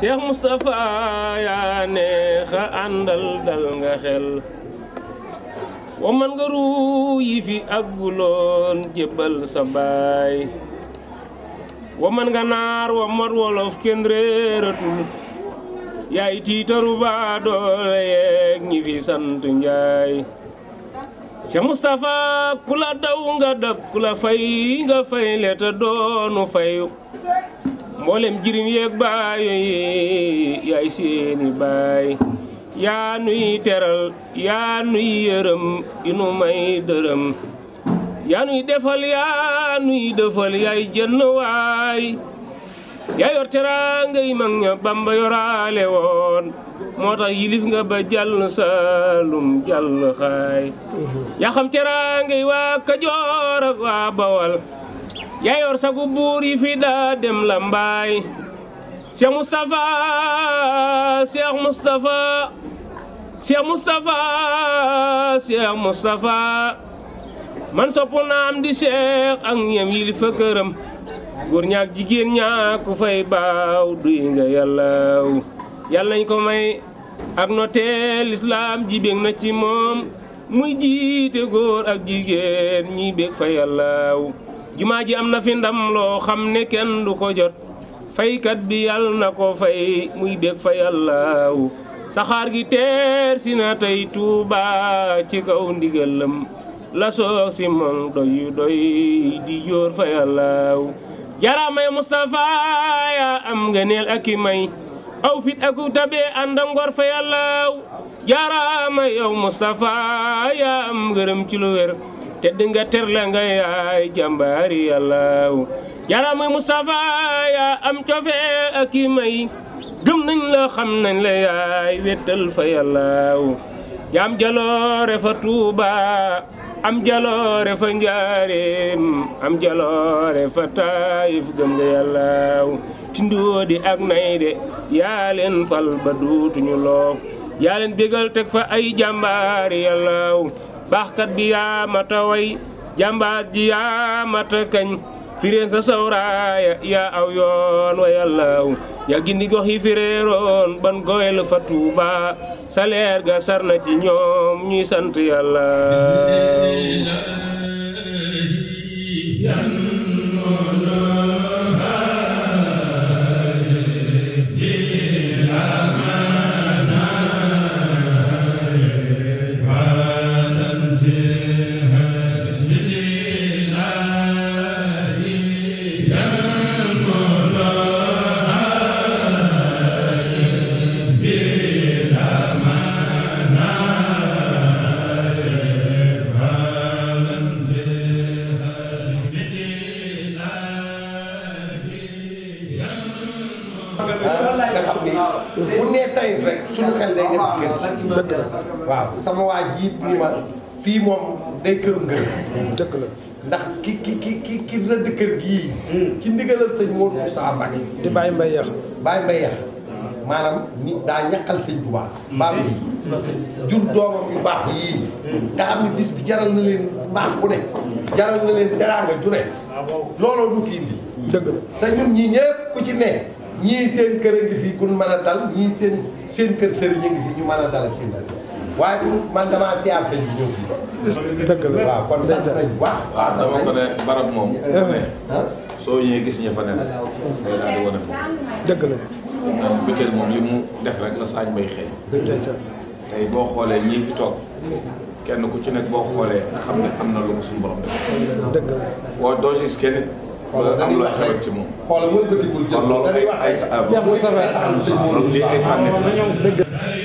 Cheikh Mustafa ya ne kha andal dal nga xel waman nga ru yi fi agulon jebal sa baay waman nga nar wa mar wolof kendre réeratul yaay tiitaru ba do yeeg ñi fi sant njaay Cheikh Moustapha kula daw nga dab kula fay nga fay leta doonu fayu mboolem jëriñ yeeg baayo yi yaay seeni baay yaa nuy teral yaa nuy yërëm inu may dërëm yaa nuy defal yaa nuy defal yaay jënn waay yaa yor teraanga yi mag ña Bamba yoraale woon moo tax yilif nga ba jàll Saalum jàll xaay mhm. yaa xam teraanga yi waa Kajoor ak waa Bawal yayoor sagu buur yi fi daa dem la mbaay Cheikh Moustapha Cheikh Moustapha Cheikh man sopp naam di Cheikh ak ñem yi li fa këram góor ñaak jigéen ñaak ku fay baaw duy nga yàllaw yàlla nañ ko may ak noteel lislaam ji na ci moom muy jiite góor ak jigéen ñi bég fa yàllaw jumaa ji am na fi ndam loo xam ne kenn du ko jot faykat bi yàlla na ko fay muy bég fa yàllaawu saxaar gi teer si na tey tuubaa ci kaw ndigalam la soog si moom doy doy di jóor fa yàllaawu jaraamay Moustapha yaa am nga neel ak i may aw fit aku tabee ànd ak ngor fa yàllaaw jaraama yow Moustapha yaa am ngërëm ci lu wér te nga terle nga yaay jàmbaari yàlla yaramay mu yaa am cofe ak i may gëm nañ la xam nañ la yaay wéttal fa yàlla yaa am jaloore fa Tuuba am jaloore fa Njaareem am jaloore fa Taayif gëm nga yàlla tindoo di ak nay de yaa fal ba duutuñu loof yaa leen teg fa ay jàmbaari yàlla baaxkat bi yaa mata way jàmbaat ji yaa mata kañ fireen sa sawraaya yaa aw yoon wayallaaw yaa gindi gox fireeroon ban goyel fa Tuuba sa leer ga sar na ci ñoom ñuy sant yàlla waaw sama waa ji ni ma fii moom day kërum gën la ndax ki ki ki ki ki rëdd kër gii hmm. ci ndigalal sëñ Modou Moussa Mbacké di bàyyi mbay yax mbay maanaam nit daa ñaqal sëñ Tuubaa hmm. baam jur doomam yu baax yii hmm. nga xam ne bis bi jaral na leen baax ku ne jaral na leen teraanga ju ne looloo du fii bi dëgg la te ñun ñii ñëpp ku ci ne ñii seen kër a ngi fi kun mën a dal ñii seen seen kër sëriñ a ngi fii ñu mën a dal ak seen sëriñ waaye du man damaa siyaar sëñ bi ñëw fii. dëgg la waaw kon sax nañ waaw. waaw sama ko ne barab moom. soo ñëwee gis ñëpp a ne la. day daal di wane foofu. dëgg moom li mu def rek na saañ bay xëy. tey boo xoolee ñii fi toog. kenn ku ci nekk boo xoolee xam ne am na lu ko suñu borom def. dëgg la boo doo gis kenn it. am loo xewal ci moom. xoolal wëlbatigul jël loolu ay ay. ay ay ay ay ay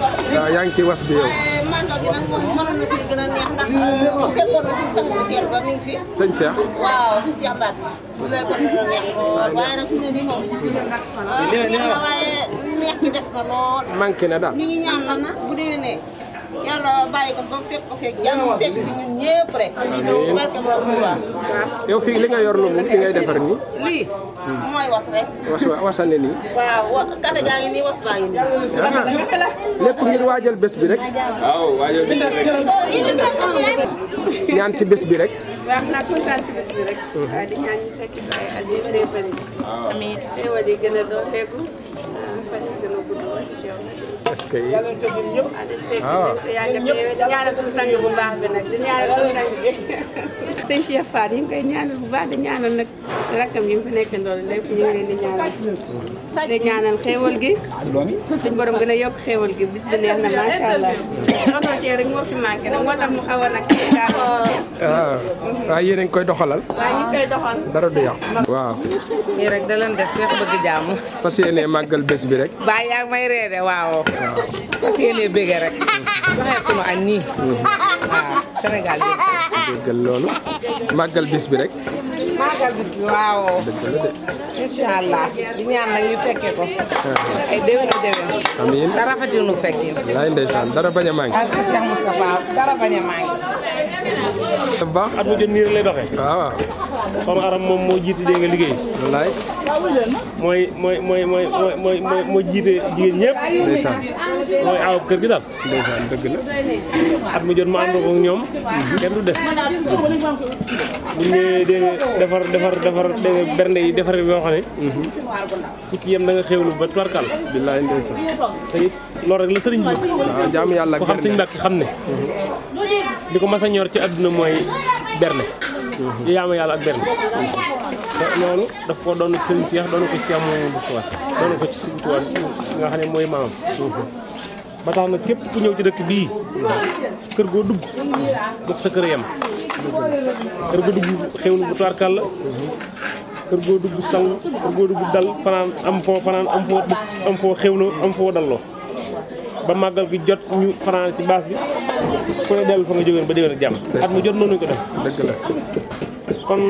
waaw yaa ngi ci was bi yow. mando bi nag moom mënoon na fi gën a neex ndax bu fekkoon na suñu sang bu teel ba mi ngi fi. sëñ Cheikh waaw sëñ Cheikh Mbacke. bu fekkoon na neex lool waaye nag fi mu ne nii moom. neex na waaye neex gi des na lool. manqué na daal ñu ngi ñaan la na bu déwénee. yàlla bàyyi ko ba fekk ko fekk jàmm fekk fi ñun ñëpp rek. amiin barke borom Tuubaa. yow fii li nga yor noonu moom fi ngay defar nii. lii hmm. mooy was rek. was wasane nii. waaw wa kata jaa ngi nii was baa ngi nii. lépp ngir waajal bés bi rek. waaw waajal bés bi rek. Oh, ñaan ci bés bi rek. waaw naa kontaan si bés bi rek. Hmm. di ñaan ñu fekk ay at yu bëree bëri. amiin xéewal yi gën a dooleeku. est-ce a yi waaw. Ah. ñaanal suñu sang bu baax nag di ñaanal suñu sang bi. sëñ Cheikh Fall yi ngi koy ñaanal bu baax di ñaanal nag. rakkam yi mu fi nekkandool lépp ñu ngi leen di ñaanal di ñaanal xéewal gi suñ borom gën a xéewal gi bis bi neex na macha allah motochère rek moo fi manqué nag moo mu xaw a ah, waaw yéen koy doxalal waaw ñu koy doxal dara du yàq waaw nii rek da leen def feex bëgg jàmm fas yéenee màggal bés bi rek baa yaa may reede waaw fas yéenee bége rek waxee sunu mhm. waaw Sénégal bis bi rek màggal bi allah di nag ñu fekke ko ay déwén a déwén amiin dara fatil nu fekke laay ndeysaan dara bañ a manqué ak Cheikh Moustapha dara bañ a manqué at mu jot nii lay doxee waaw xam aram moom moo jiit dégg nga liggéey wallaay mooy mooy mooy mooy mooy mooy mooy jiite jigéen ñëpp mooy aaw kër gi daal ndeysaan dëgg la at mu jot ma ànd ak ñoom mhm. kenn du def defar defar defar bernde yi defar bi nga xam ku ci yam da nga xewlu ba tubarkal billahi ndeysa tay it rek la sëriñ bi bëgg jaam yàlla ko xam sëñ bakki xamne diko massa ñor ci aduna moy bernde berne yaama yalla ak bernde lolu daf ko don ci sëriñ cheikh don ko ci Seex Mamadu Bousso don ko ci Sëriñ Tuubaa nga xamne moy mooy ba tax na kep ku ñew ci dekk bi kër go dugg bokk sa kër yam kër goo dugg xewlu bu tuwaarkal la kër goo dugg sang kër goo dugg dal fanaan am foo fanaan am foo dugg am am foo dalloo ba màggal gi jot ñu fanaan ci baas bi ku ne dellu fa ba déwén ak jàmm at jot noonu ko def dëgg la kon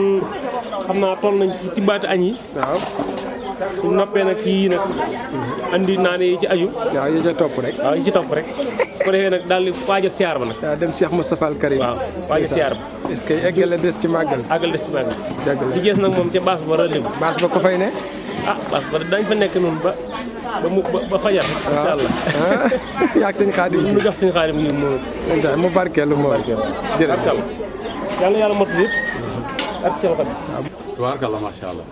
xam naa toll nañ ci baati añ yi waaw su noppee nag yii nag andi naan yi ci aju waaw yi ci topp rek ko defee nag daal di waaj a siyaar ba nag. waaw dem Cheikh Moustapha Al Karim. waaw waaj a siyaar ba. est-ce que eggal la des ci màggal. àggal des ci màggal. dëgg la li gis nag moom ca baas ba rëdd. baas ba ko fay ne. ah baas ba dañ fa nekk noonu ba ba mu ba fajar. waaw incha allah. yaa ngi sëñ Xaadim mu jox sëñ Xaadim yi mu. mu barkeelu moom jërëjëf yàlla yàlla motul yëpp ak seen xarit. tubaarkalla macha allah.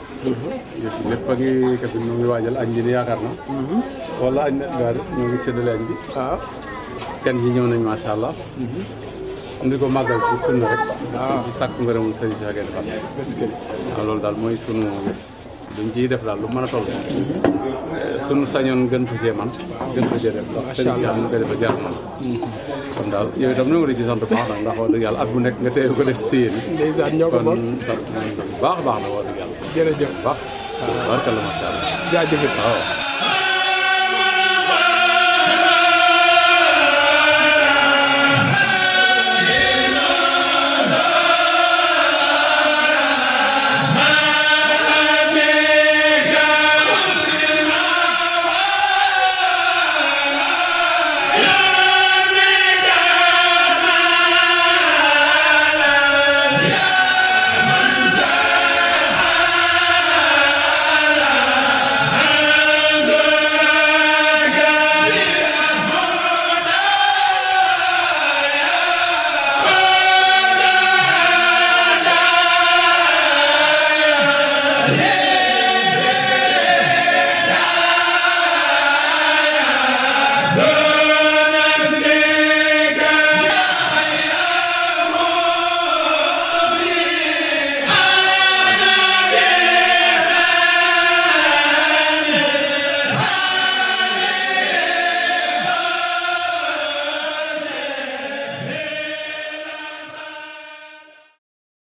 lépp a ngi kat ñu ngi waajal añ bi ni yaakaar na. wala añ na ñu ngi séddale añ bi. waaw. gan yi ñëw nañ macha allah. Mhm. ndi ko màggal ci sunna rek. waaw ah. di sàkk ngërëmul sëriñ loolu daal mooy sunu duñ ciy def daal lu mën a toll. Mhm. Eh, sunu sañoon gën fa cee man gën fa cee def ndax sëriñ si am na koy defal jaar man kon daal yow itam ñoo ngi leen baax nag ndax wax dëgg yàlla at bu nekk nga tey ko def si kon baax baax na wax dëgg yàlla. jërëjëf baax. Ah.